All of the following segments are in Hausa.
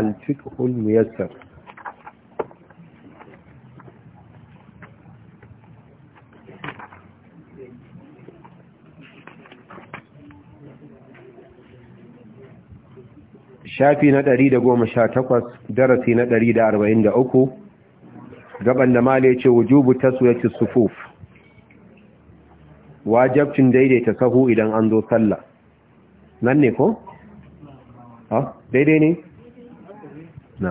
الفقه الميسر shafi na ɗari da goma sha takwas, darasi na ɗari da da uku, gaban da male ce wujubu taswiyatu sufuf wajabcin daidaita sahu idan an zo sallah nan ne ko? ha daidai ne? na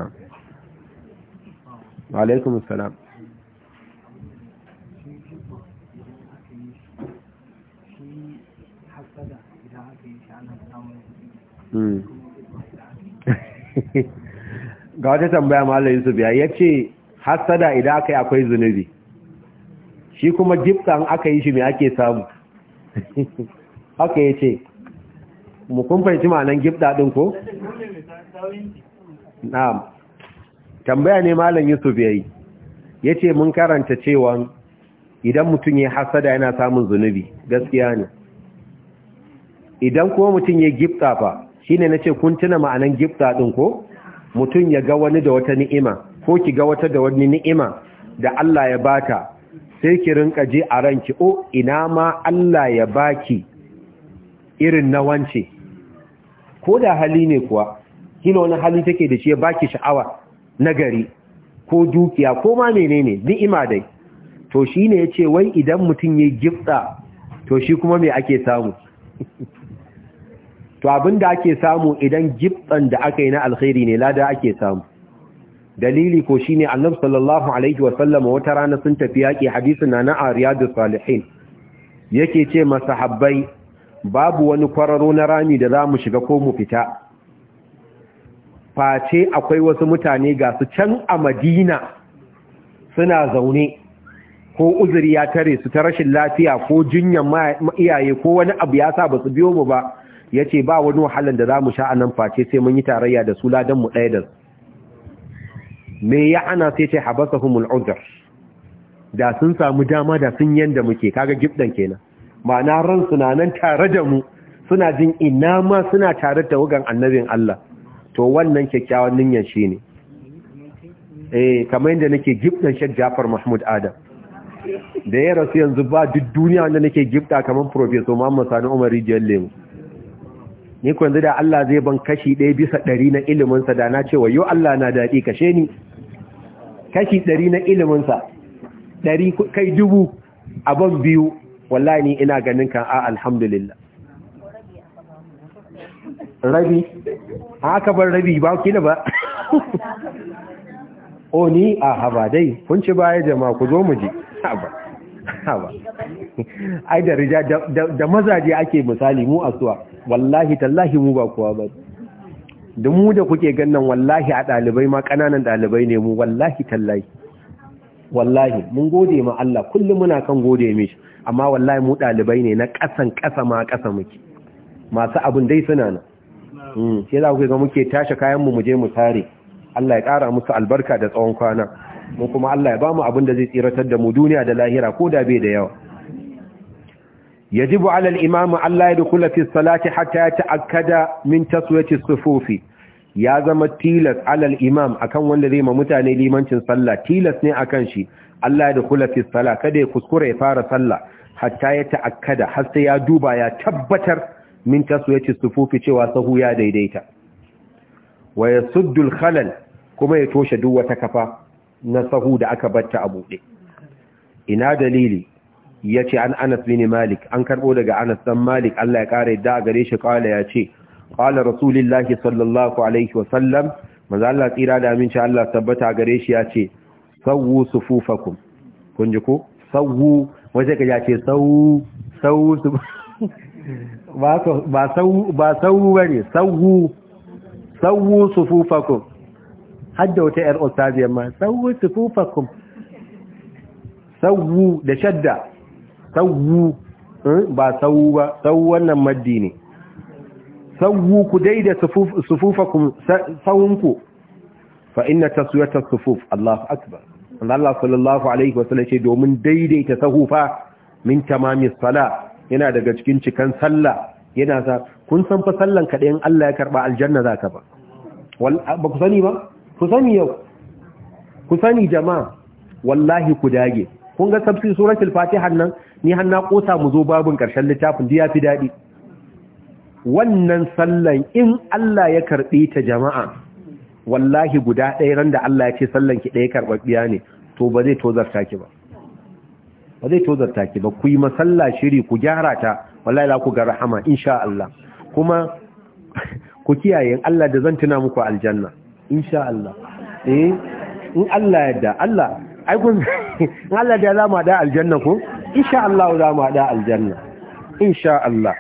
alaikum salam ga wata tambaya malar yusuf ya ya ce hasada idan aka yi akwai zunubi shi kuma gipsan aka yi shi mai ake samu haka ya ce mu kumfanci ma nan gipsa ɗin ko? na'am tambaya ne malam Yusuf yayi yace mun karanta cewa idan mutum ya hasada yana samun zunubi gaskiya ne idan kuma mutum ya gifta fa shine nace kun tuna ma'anan gifta din ko mutum ya ga wani da wata ni'ima ko ki ga wata da wani ni'ima da Allah ya baka sai ki rinka ji a ranki o oh, ina ma Allah ya baki irin na ko da hali ne kuwa kila wani hali take da shi ya baki sha'awa na gari ko dukiya ko ma menene ni'ima dai to shine yace wai idan mutum ya gifta to shi kuma me ake samu to abinda ake samu idan giftan da aka yi na alkhairi ne lada ake samu dalili ko shine annabi sallallahu alaihi sallam wata rana sun tafi yaki hadisin na na riyadus salihin yake ce masahabbai babu wani kwararo na rami da za mu shiga ko mu fita face akwai wasu mutane ga su can a madina suna zaune ko uzuri ya tare su ta rashin lafiya ko jinyan iyaye ko wani abu ya sa ba su biyo mu ba ya ce ba wani wahalar da za mu sha a nan face sai mun yi tarayya da su ladan mu ɗaya da su me ya ana sai ce habasa humul udar da sun samu dama da sun yanda muke kaga gibdan kenan ma'ana ran suna nan tare da mu suna jin ina ma suna tare da wugan annabin Allah to wannan kyakkyawan niyyar shi ne eh kamar yadda nake gifta shek Jafar Mahmud Adam da ya rasu yanzu ba duk duniya wanda nake gifta kamar Professor Muhammad Sani Umar Rijiyar Lemu ni ku yanzu da Allah zai ban kashi ɗaya bisa ɗari na iliminsa da na cewa yau Allah na daɗi kashe ni kashi ɗari na iliminsa ɗari kai dubu abon biyu wallahi ni ina ganin kan a alhamdulillah rabi haka bar rabi ba kila ba o ni a haba dai kun ci baya jama'a ku zo mu ji haba haba ai da rija da mazaje ake misali mu asuwa wallahi tallahi mu ba kowa ba da mu da kuke gannan wallahi a ɗalibai ma ƙananan ɗalibai ne mu wallahi tallahi wallahi mun gode ma Allah kullum muna kan gode mishi amma wallahi mu ɗalibai ne na ƙasan ƙasa ma ƙasa muke masu abun dai suna nan sai za ku ga muke tashi kayan mu je mu tare Allah ya ƙara musu albarka da tsawon kwana mu kuma Allah ya ba mu abin da zai tsiratar da mu duniya da lahira ko da bai da yawa yajibu ala al-imam Allah ya dukula fi salati hatta ta'akkada min taswiyati sufufi ya zama tilas alal imam akan wanda zai ma mutane limancin sallah tilas ne akan shi Allah ya dukula fi salati kada ya kuskure ya fara sallah hatta ya ta'akkada har sai ya duba ya tabbatar min taswiyati sufufi cewa sahu ya daidaita wa yasuddu al-khalal kuma ya toshe duk wata kafa na sahu da aka batta a buɗe? ina dalili yace an Anas bin Malik an karbo daga Anas dan Malik Allah ya yadda a gare shi ya yace qala rasulullahi sallallahu alaihi wa sallam Allah tsira da aminci Allah tabbata gare shi yace sawu sufufakum kun ji ko sawu waje ka ce sawu sawu ba sauhu ba ne sauhu sauhu sufufakum hadda wata ‘yar ostaziyar ma sauhu sufufakun sauhu da shadda sauhu eh, ba sauhu ba sauhu wannan maddi ne sauhu ku daida sufufakun sauhunku fa ina taswiyata sufuf Allahu akbar Allah sallallahu alaihi wasallam ce domin daidaita sahufa min tamamis salat yana daga cikin cikan sallah yana sa kun san fa sallan kaɗai in Allah ya karɓa aljanna za ka ba ba ku sani ba ku sani yau ku sani jama'a wallahi ku dage kun ga tafsir suratul fatiha nan ni har na kosa mu zo babun karshen littafin da yafi dadi wannan sallan in Allah ya karbe ta jama'a wallahi guda ɗaya ran da Allah ya ce sallan ki ɗaya karbabbiya ne to ba zai tozarta ki ba ba zai tozarta ki ba ku yi masalla shiri ku gyara ta wallahi la ku ga rahama insha Allah kuma ku kiyaye Allah da zan tuna muku aljanna insha Allah eh in Allah ya da. Allah ai kun in Allah da za mu da aljanna ku? insha Allah za mu da aljanna insha Allah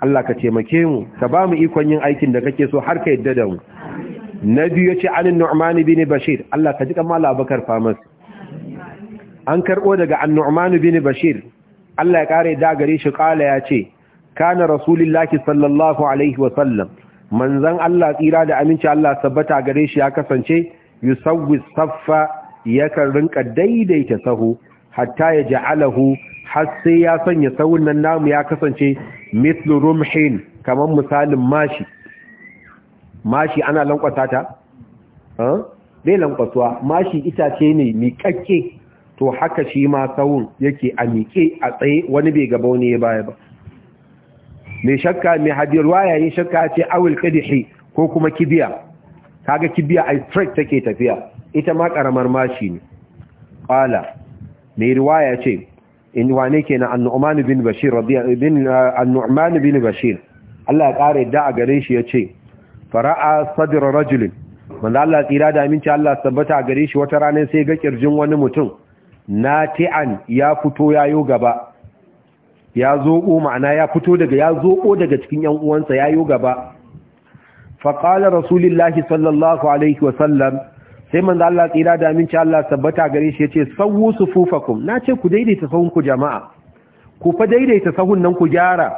Allah ka taimake mu ka ba mu ikon yin aikin da kake so har ka yadda da mu nabi ya ce anin nu'mani bin bashir Allah ka ji kamar Bakar famas an karɓo daga annu'manu bin bashir Allah ya kare da gare shi kala ya ce kana rasulullahi sallallahu alaihi wa sallam manzon Allah tsira da aminci Allah sabbata gare shi ya kasance yusawwi saffa yakan rinka daidaita sahu hatta ya ja'alahu har sai ya sanya sawun nan namu ya kasance mithlu rumhin kaman misalin mashi mashi ana lankwasa ta eh dai lankwasuwa mashi itace ne miƙaƙƙe to haka shi ma sawun yake a miƙe a tsaye wani bai gaba wani ya baya ba mai shakka mai hadiyar waya yin shakka ce awul qadhi ko kuma kibiya kaga kibiya a strike take tafiya ita ma karamar mashi ne qala mai riwaya ce in wane na annu'man bin bashir bin uh, bin bashir Allah ya ƙara yadda a gare shi yace fara'a sadr rajul manzo Allah tsira da aminci Allah tabbata a gare shi wata ranar sai ga kirjin wani mutum nati'an ya fito yayo gaba ya zoɓo ma'ana ya fito daga ya zoɓo daga cikin yan uwansa yayo gaba fa qala rasulullahi sallallahu alaihi wa sallam sai manzo Allah tsira da aminci Allah tabbata gare shi yace sawu sufufakum nace ku daidaita sahun ku jama'a ku fa daidaita sahun nan ku gyara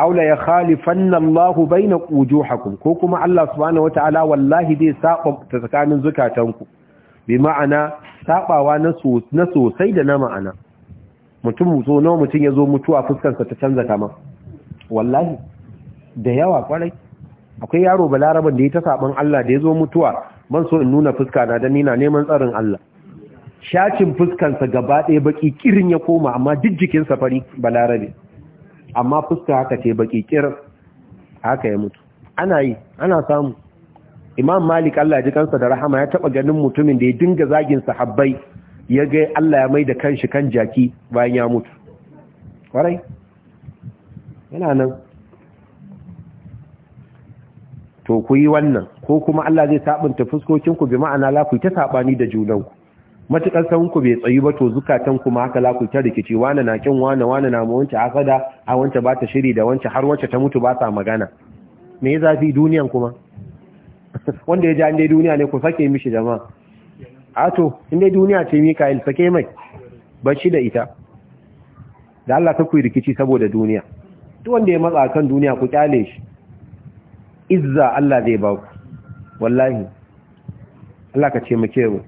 aula ya khalifanna Allah baina wujuhakum ko kuma Allah subhanahu wataala wallahi zai saba tsakanin zukatanku bi ma'ana sabawa na sosai da na ma'ana mutum so nawa mutum ya zo mutuwa fuskarsa ta canza kama wallahi da yawa kwarai akwai yaro balaraban da ya ta saban Allah da ya zo mutuwa ban so in nuna fuska na dan nina neman tsarin Allah shacin fuskansa gaba ɗaya baki kirin ya koma amma duk jikinsa fari balarabe amma fuska haka ce baki kirin haka ya mutu ana yi ana samu imam malik Allah ya ji kansa da rahama ya taba ganin mutumin da ya dinga zagin sahabbai ya ga Allah ya mai da kanshi kan jaki bayan ya mutu kwarai yana nan to ku yi wannan ko kuma Allah zai sabunta fuskokinku bi ma'ana la ku ta sabani da junanku matukar san ku bai tsayi ba to zukatan ku ma haka la ku ta rikici wani na kin wani wani na mu wance asada a wance ba ta shiri da wance har wance ta mutu ba ta magana me zafi duniyan kuma wanda ya ja inda duniya ne ku sake mishi jama'a a to inda duniya ce mikael sake mai bashi da ita da Allah ta ku rikici saboda duniya duk wanda ya matsa kan duniya ku kyale shi izza Allah zai ba ku wallahi Allah ka ce muke mu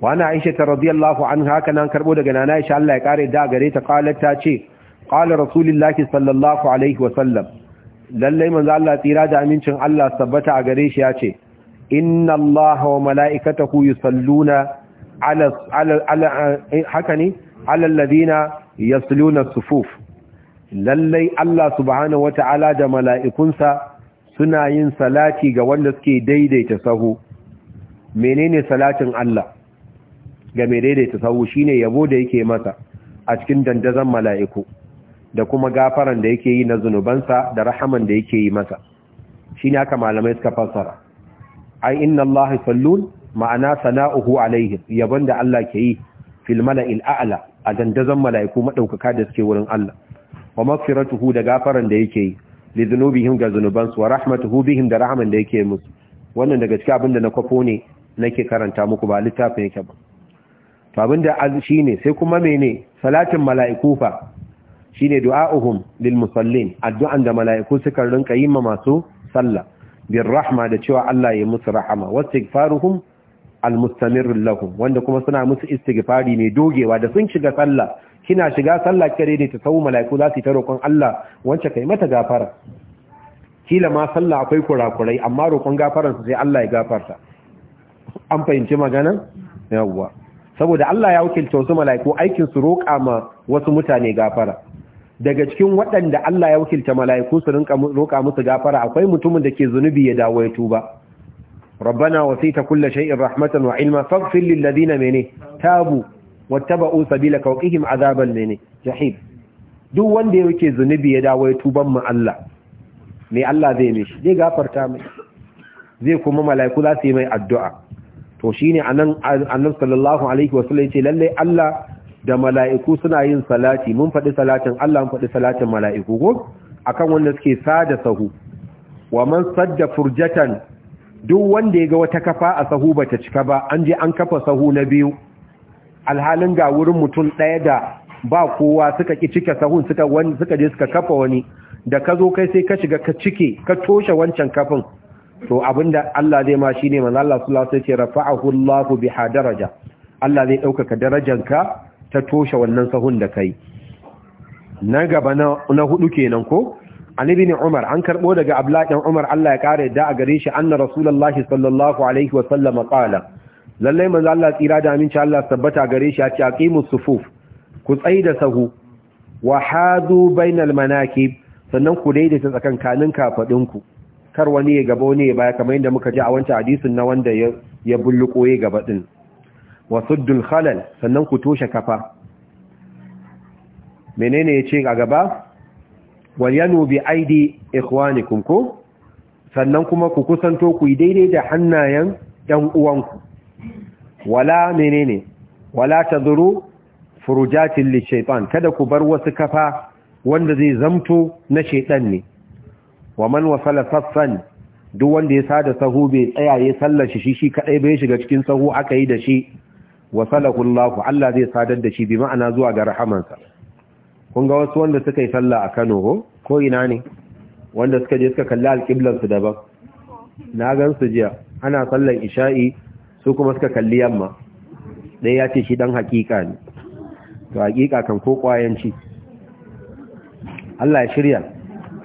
wa ana Aisha ta radiyallahu anha haka nan karbo daga nana Aisha Allah ya kare da gare ta qalat ta ce qala rasulullahi sallallahu alaihi wa sallam lallai manzo Allah tsira da amincin Allah sabbata a gare shi ya ce inna Allah wa mala'ikatahu yusalluna ala ala ala ne ala alladhina yasluna sufuf lallai Allah subhanahu wata'ala da mala'ikunsa suna yin salati ga wanda suke daidaita sahu menene salatin Allah ga mai daidaita sahu shine yabo da yake masa a cikin dandazon mala'iku da kuma gafaran da yake yi na zunubansa da rahaman da yake yi masa shi ne haka malamai suka fassara ai inna Allah sallun ma'ana sana'uhu alaihim yabon da Allah ke yi fil mala'il a'la a dandazon mala'iku madaukaka da suke wurin Allah wa maghfiratuhu da gafaran da yake yi li dhunubihim ga zunubansu wa rahmatuhu bihim da rahaman da yake musu wannan daga cikin abin da na kwafo ne nake karanta muku ba littafin yake ba to abinda ne sai kuma mene salatin mala'iku fa shine du'a'uhum lil musallin addu'an da mala'iku suka rinka yi ma masu sallah bir rahma da cewa Allah ya musu rahama wastighfaruhum al mustamir lahum wanda kuma suna musu istighfari ne dogewa da sun shiga sallah kina shiga sallah kare ne ta sau mala'iku za su ta roƙon Allah wance kai mata gafara kila ma sallah akwai kurakurai amma roƙon gafaran su sai Allah ya gafarta an fahimci magana yawwa saboda Allah ya wakilta wasu mala'iku aikin su roƙa ma wasu mutane gafara daga cikin waɗanda Allah ya wakilta mala'iku su rinka roƙa musu gafara akwai mutumin da ke zunubi ya dawo ya tuba rabbana wasita kulli shay'in rahmatan wa ilma faghfir lil ladina mene tabu wattaba'u sabila waqihim azaban mene jahib. duk wanda yake zunubi ya dawo ya tuban mu Allah me Allah zai mai shi, zai gafarta mai zai kuma mala'iku za su yi mai addu'a to shine anan annabi sallallahu alaihi wasallam ce, lalle Allah da mala'iku suna yin salati mun faɗi salatin Allah mun faɗi salatin mala'iku ko a kan wanda suke sada sahu wa man sadda furjatan duk wanda ya ga wata kafa a sahu ba ta cika ba an je an kafa sahu na biyu alhalin ga wurin mutum ɗaya da ba kowa suka ƙi cika sahun suka je suka kafa wani da ka zo kai sai ka shiga ka cike ka toshe wancan kafin to abinda Allah zai ma ne manzo Allah sallallahu alaihi wasallam ce rafa'ahu Allahu biha daraja Allah zai ɗaukaka darajanka ta toshe wannan sahun da kai na gaba na hudu kenan ko an ne umar an karbo daga abladan umar Allah ya kare da a gare shi anna rasulullahi sallallahu alaihi wa sallam Lallai, lalle manzo Allah tsira da aminci Allah tabbata gare shi a ce aqimus sufuf ku tsaida sahu wa hadu bainal manakib sannan ku daidaita tsakankanin kafadin ku kar wani ya gaba wani ya baya kamar yadda muka ji a wancan hadisin na wanda ya bulluko ya gaba din wa khalal sannan ku toshe kafa menene yace a gaba wal yanu bi aidi ikhwanikum ko sannan kuma ku kusanto ku daidai da hannayen 'yan uwanku wala menene wala tadru furujatin lishaitan kada ku bar wasu kafa wanda zai zamto na shaitan ne wa man wasala saffan duk wanda ya sada sahu bai tsayaye sallar shi shi kadai bai shiga cikin sahu aka yi da shi wa salahullahu Allah zai sadar da shi bi ma'ana zuwa ga rahamansa kun ga wasu wanda suka yi sallah a Kano ko ina ne wanda suka je suka kalli alƙiblar su daban na gan su jiya ana sallan isha'i su kuma suka kalli yamma ɗaya ya ce shi dan haƙiƙa ne to haƙiƙa kan ko ƙwayanci. Allah ya shirya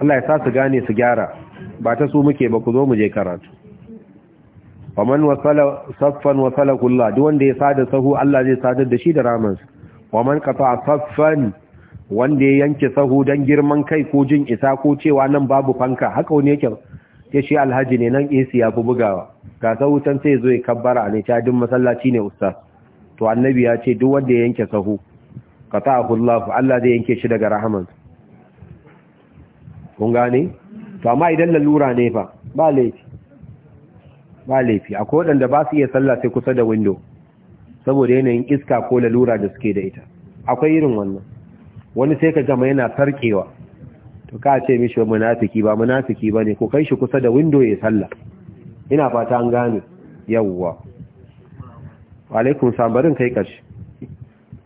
Allah ya sa su gane su gyara ba ta su muke ba ku zo mu je karatu wa man wasala saffan wasala kullu duk wanda ya sada sahu Allah zai sadar da shi da ramansa wa man qata saffan wanda ya yanke sahu dan girman kai ko jin isa ko cewa nan babu fanka haka wani yake ya shi alhaji ne nan AC ya fi bugawa ga sahu can sai zo ya kabbara ne ta din masallaci ne ustaz to annabi ya ce duk wanda ya yanke sahu qata'ahu Allah Allah zai yanke shi daga rahamansa kun gane to amma idan lalura ne fa ba laifi ba laifi akwai waɗanda ba su iya sallah sai kusa da window saboda yanayin iska ko lalura da suke da ita akwai irin wannan wani sai ka gama yana sarkewa to ka ce mishi munafiki ba munafiki ne, ko kai shi kusa da window ya sallah ina fata an gane yawwa wa alaikum sabarin barin kai kashi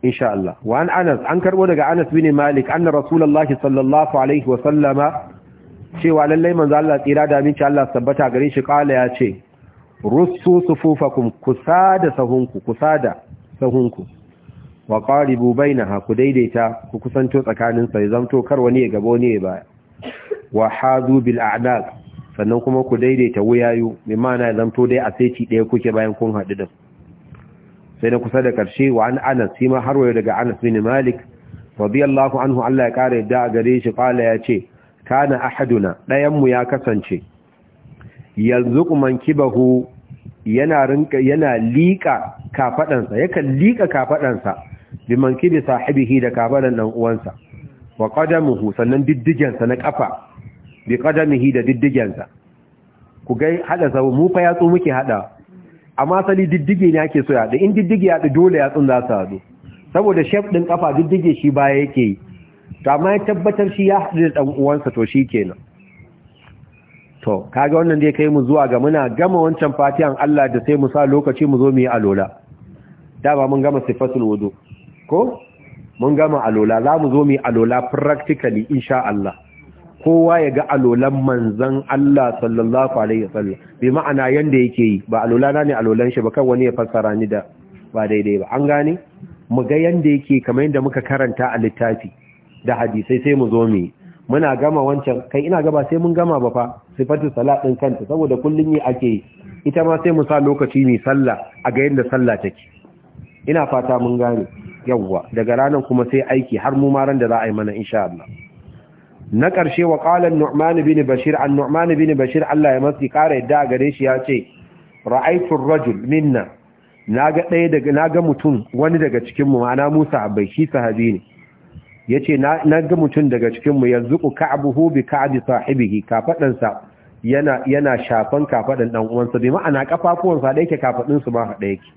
insha Allah wa an Anas an karbo daga Anas bin Malik anna Rasulullahi sallallahu alaihi wa sallama cewa lallai manzo Allah tsira da minci Allah sabbata gare shi kala ya ce russu sufufakum da sahunku kusa da sahunku wa qaribu bainaha ku daidaita ku kusanto tsakanin sai zamto kar wani ya gabo ne ya baya wa hadu bil a'naq sannan kuma ku daidaita wuyayu bi ma'ana zamto dai a ci daya kuke bayan kun hadu din sai na kusa da karshe wa an Anas shi ma har daga Anas bin Malik radiyallahu anhu Allah ya kare da gare shi fala ya ce kana ahaduna dayan mu ya kasance yanzu kuma kibahu yana rinka yana liƙa kafaɗansa yakan liƙa kafaɗansa bi mankiri sahibihi da kafaɗan ɗan uwansa wa qadamuhu sannan diddigensa na ƙafa bi qadamihi da diddigensa ku ga hada sabu mu fa yatsu muke hada amma sali diddige ne ake so ya da in diddige ya da dole yatsun za su hadu saboda shef din kafa diddige shi baya yake yi to amma ya tabbatar shi ya hadu da dan uwansa to shikenan to kaga wannan da ya kai mu zuwa ga muna gama wancan fatiyan Allah da sai mu sa lokaci mu zo mu yi alola dama mun gama sifatul wudu ko mun gama alola za mu zo mu yi alola practically insha Allah kowa ya ga alolan manzan Allah sallallahu alaihi wasallam bi ma'ana yanda yake yi ba alola na ne alolan shi ba kan wani ya fassara ni da ba daidai ba an gane mu ga yanda yake kamar yanda muka karanta a littafi da hadisai sai mu zo mu muna gama wancan kai ina gaba sai mun gama ba fa sifatu salat din kanta saboda kullum yi ake yi ita ma sai mu sa lokaci mai sallah a ga yadda sallah take ina fata mun gane yawwa daga ranan kuma sai aiki har mu maran da za a yi mana insha Allah na ƙarshe wa ƙalar numan bin bashir an numan bin bashir Allah ya masa kare, yadda a gare shi ya ce ra'aitun rajul minna na ga mutum wani daga cikin mu ma'ana musa abai shi sahabi ne yace na ga mutum daga cikin mu yanzuku ka'abuhu bi ka'abi sahibihi kafadansa yana yana shafan kafadan dan uwansa bi ma'ana ƙafafuwansa da yake kafadin su ma hada yake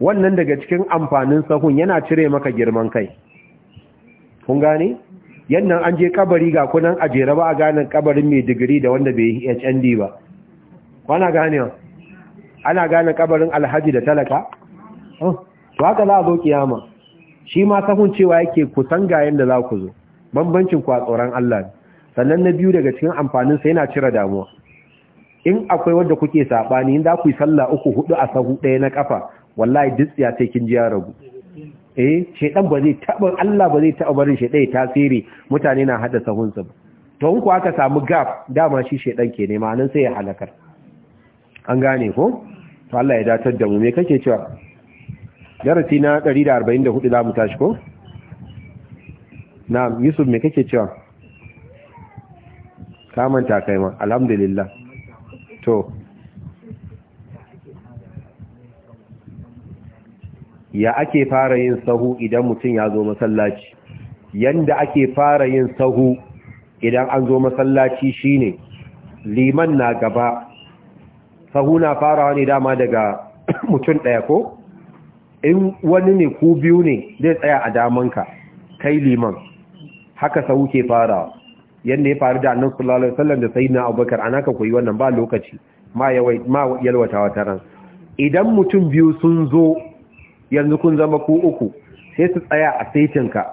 wannan daga cikin amfanin sahun yana cire maka girman kai kun gane yannan an je kabari ga kunan a jere ba a ganin kabarin mai digiri da wanda bai yi HND ba kwana gane ana gane kabarin alhaji da talaka oh, to haka za a zo kiyama shi ma sahun cewa yake kusan ga yanda za ku zo bambancin ku a tsoron Allah sannan na biyu daga cikin amfanin sa yana cire damuwa in akwai wanda kuke sabani in za ku yi sallah uku hudu a sahu ɗaya na kafa wallahi ya ce kin ji ya ragu eh shedan ba zai taba Allah ba zai taba barin shedai tasiri mutane na hada sahun ba to in ku aka samu gap dama shi shedan ke nema nan sai ya halakar an gane ko to Allah ya datar da mu me kake cewa darasi na 144 za mu tashi ko na yusuf me kake cewa kamanta kai ma alhamdulillah to ya ake fara yin sahu idan mutum ya zo masallaci yanda ake fara yin sahu idan an zo masallaci shine liman na gaba sahu na farawa ne dama daga mutum ɗaya ko in wani ne ku biyu ne zai tsaya a damanka kai liman haka sau ke farawa yadda ya faru da annan sallallahu alaihi da da na abubakar ana ka koyi wannan ba lokaci ma yalwata wata ran idan mutum biyu sun zo yanzu kun zama ku uku sai su tsaya a saitinka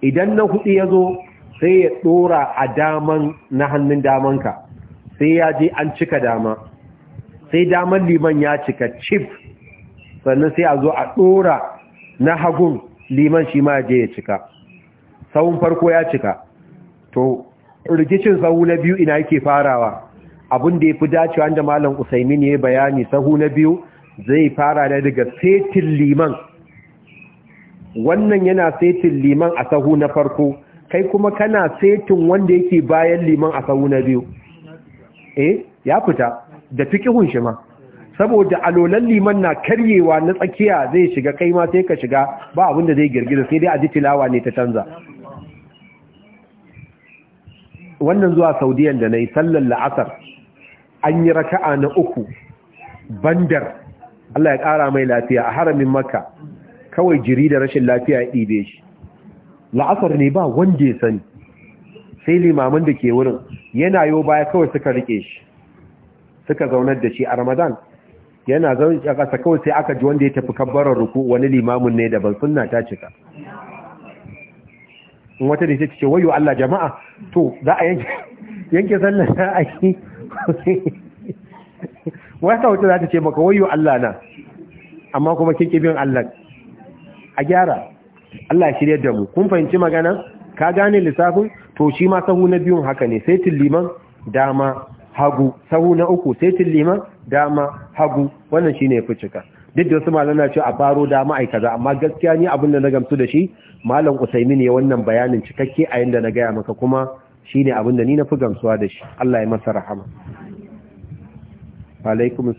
idan na hudu ya zo sai ya dora a daman na hannun damanka sai ya je an cika dama sai daman liman ya cika chip sannan sai a zo a ɗora na hagun liman shi ma je ya cika sahun farko ya cika to rikicin sahu na biyu ina yake farawa abin da ya fi dacewa da malam usaimin ya bayani sahu na biyu zai fara ne daga setin liman wannan yana setin liman a sahu na farko kai kuma kana setin wanda yake bayan liman a sahu na biyu eh ya fita da fikihun shi ma saboda alolan liman na karyewa na tsakiya zai shiga kai ma sai ka shiga ba abin da zai girgiza sai dai a ji tilawa ne ta canza wannan zuwa saudiyan da na yi sallar la'asar an yi raka'a na uku bandar Allah ya ƙara mai lafiya a haramin maka kawai jiri da rashin lafiya ya ɗibe shi la'asar ne ba wanda ya sani sai limamin da ke wurin yana yau baya kawai suka rike shi suka zaunar da shi a ramadan yana zaune a ƙasa kawai sai aka ji wanda ya tafi kabbarar ruku wani limamin ne daban sunna ta cika in wata da ta ce wayo Allah jama'a to za a yanke yanke sallar ta aiki wata wata za ta ce maka wayo Allah na amma kuma kin kibin Allah a gyara Allah shirya da mu kun fahimci magana ka gane lissafin to shi ma sahu na biyun haka ne sai liman dama hagu sahu na uku saitin liman dama hagu wannan shi ne cika duk da wasu malana ce a faro dama ai kaza amma gaskiya ni abin da na gamsu da shi malam Usaimin ya wannan bayanin cikakke a yanda na gaya maka kuma shi ne abin da ni na fi gamsuwa da shi Allah ya masa rahama alaikum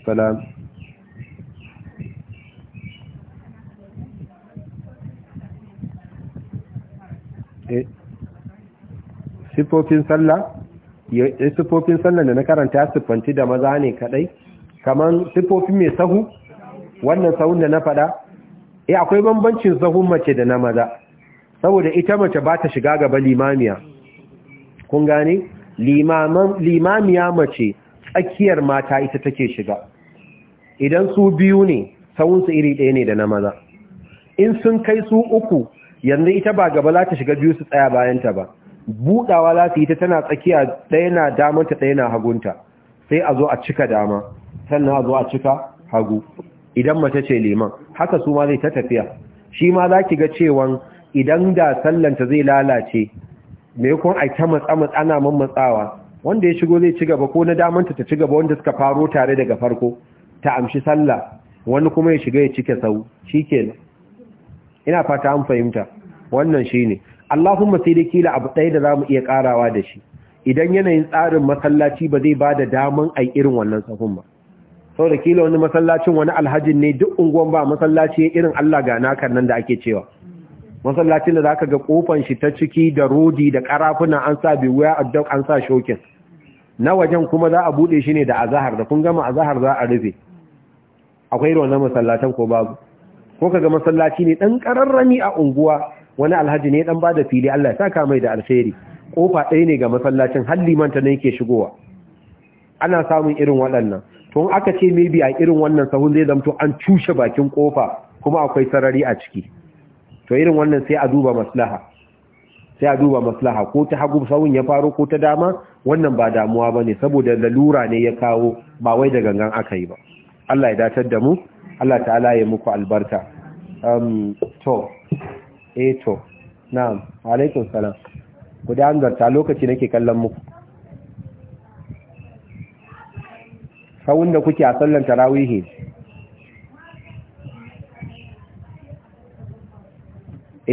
eh, sifofin sallah sifofin sannan da na karanta siffanci da maza ne kadai kamar sifofin mai sahu wannan sahun da na fada eh akwai bambancin sahun mace da na maza saboda ita mace ba ta shiga gaba limamiya kun gane limamiya mace tsakiyar mata ita take shiga idan su biyu ne sahunsu iri ɗaya ne da na maza in sun kai su uku yanzu ita ba gaba za ta shiga biyu su tsaya bayanta ba budawa za su yi ta tana tsakiya ɗaya na damanta ɗaya na hagunta sai a zo a cika dama sannan a zo a cika hagu idan mace ce liman haka su ma zai ta tafiya shi ma za ki ga cewan idan da sallanta zai lalace mai kun a ta matsa ana matsawa? wanda ya shigo zai ci gaba ko na damanta ta ci gaba wanda suka faro tare daga farko ta amshi sallah wani kuma ya shiga ya cike sau shi ina fata an fahimta wannan shi ne Allahumma sai dai kila abu ɗaya da za mu iya ƙarawa da shi idan yanayin tsarin masallaci ba zai ba da daman a irin wannan sahun ba sau da kila wani masallacin wani alhajin ne duk unguwan ba masallaci irin Allah ga nakan nan da ake cewa masallacin da za ka ga ƙofan shi ta ciki da rodi da ƙarafuna an sa biwaya addok an sa shokin na wajen kuma za a buɗe shi ne da azahar da kun gama azahar za a rufe akwai irin wannan masallatan ko babu ko ka ga masallaci ne ɗan kararrami a unguwa wani alhaji ne dan bada fili Allah ya saka mai da alheri. kofa ɗaya ne ga masallacin har manta ne yake shigowa ana samun irin waɗannan to aka ce maybe a irin wannan sahun zai zamto an cushe bakin kofa kuma akwai sarari a ciki to irin wannan sai a duba maslaha sai a duba maslaha ko ta hagu sahun ya faro ko ta dama wannan ba damuwa bane saboda lalura ne ya kawo ba wai da gangan aka yi ba Allah ya datar da mu Allah ta'ala ya muku albarka um to eto eh to na'am alaikum salam ku da zarta lokaci nake kallon muku kawun da kuke a sallan tarawihi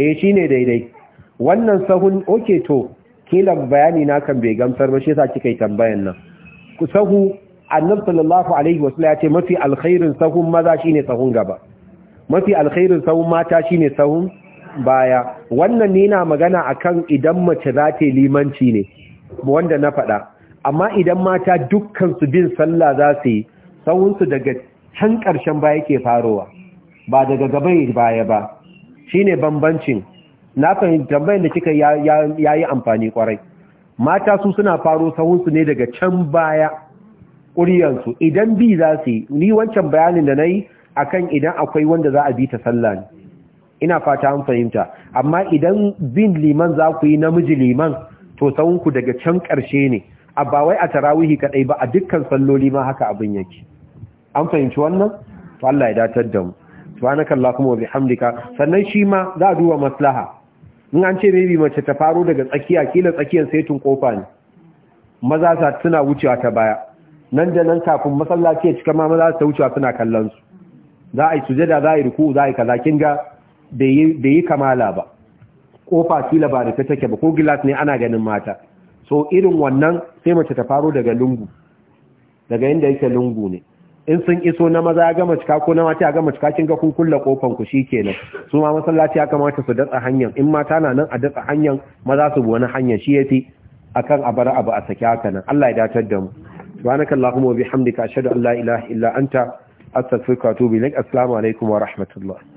eh shine daidai wannan sahun oke to kila bayani na kan bai gamsar ba shi yasa kika yi tambayan nan ku sahu annabi sallallahu alaihi wasallam ya ce mafi alkhairin sahun maza shine sahun gaba mafi alkhairin sahun mata shine sahun baya wannan ne na magana akan idan mace za ta limanci ne wanda na faɗa amma idan mata dukkan su bin sallah za su yi su daga can ƙarshen baya ke farowa ba daga gaban baya ba shine bambancin na fahimta tambayar da kika ya yi amfani kwarai mata su suna faro sahunsu ne daga can baya ƙuryansu idan bi za su yi ni wancan bayanin da na yi akan idan akwai wanda za a bi ta sallah ne ina fata an fahimta amma idan bin liman za ku yi namiji liman to ku daga can ƙarshe ne a ba wai a tarawihi kaɗai ba a dukkan salloli ma haka abin yake an fahimci wannan to Allah ya datar da mu subhanaka allahumma wa bihamdika sannan shi ma za a duba maslaha in an ce maybe mace ta faro daga tsakiya kila tsakiyar saitin kofa ne maza sa suna wucewa ta baya nan da nan kafin masallaci ya cika ma maza su wucewa suna kallon su za a yi sujada za a yi ruku za a yi kaza kin ga bai yi kamala ba kofa kila ba ta take ba ko gilas ne ana ganin mata so irin wannan sai mace ta faru daga lungu daga inda yake lungu ne in sun iso na maza ya gama ko na mata ya gama cika kin ga kunkulla kofan ku shikenan su ma masallaci ya kamata su datsa hanyar in mata na nan a datsa hanyar maza su bi wani hanyar shi yafi akan a bar abu a saki haka nan Allah ya datar da mu subhanakallahumma wa bihamdika ashhadu an la ilaha illa anta astaghfiruka wa atubu ilaik alaikum wa rahmatullahi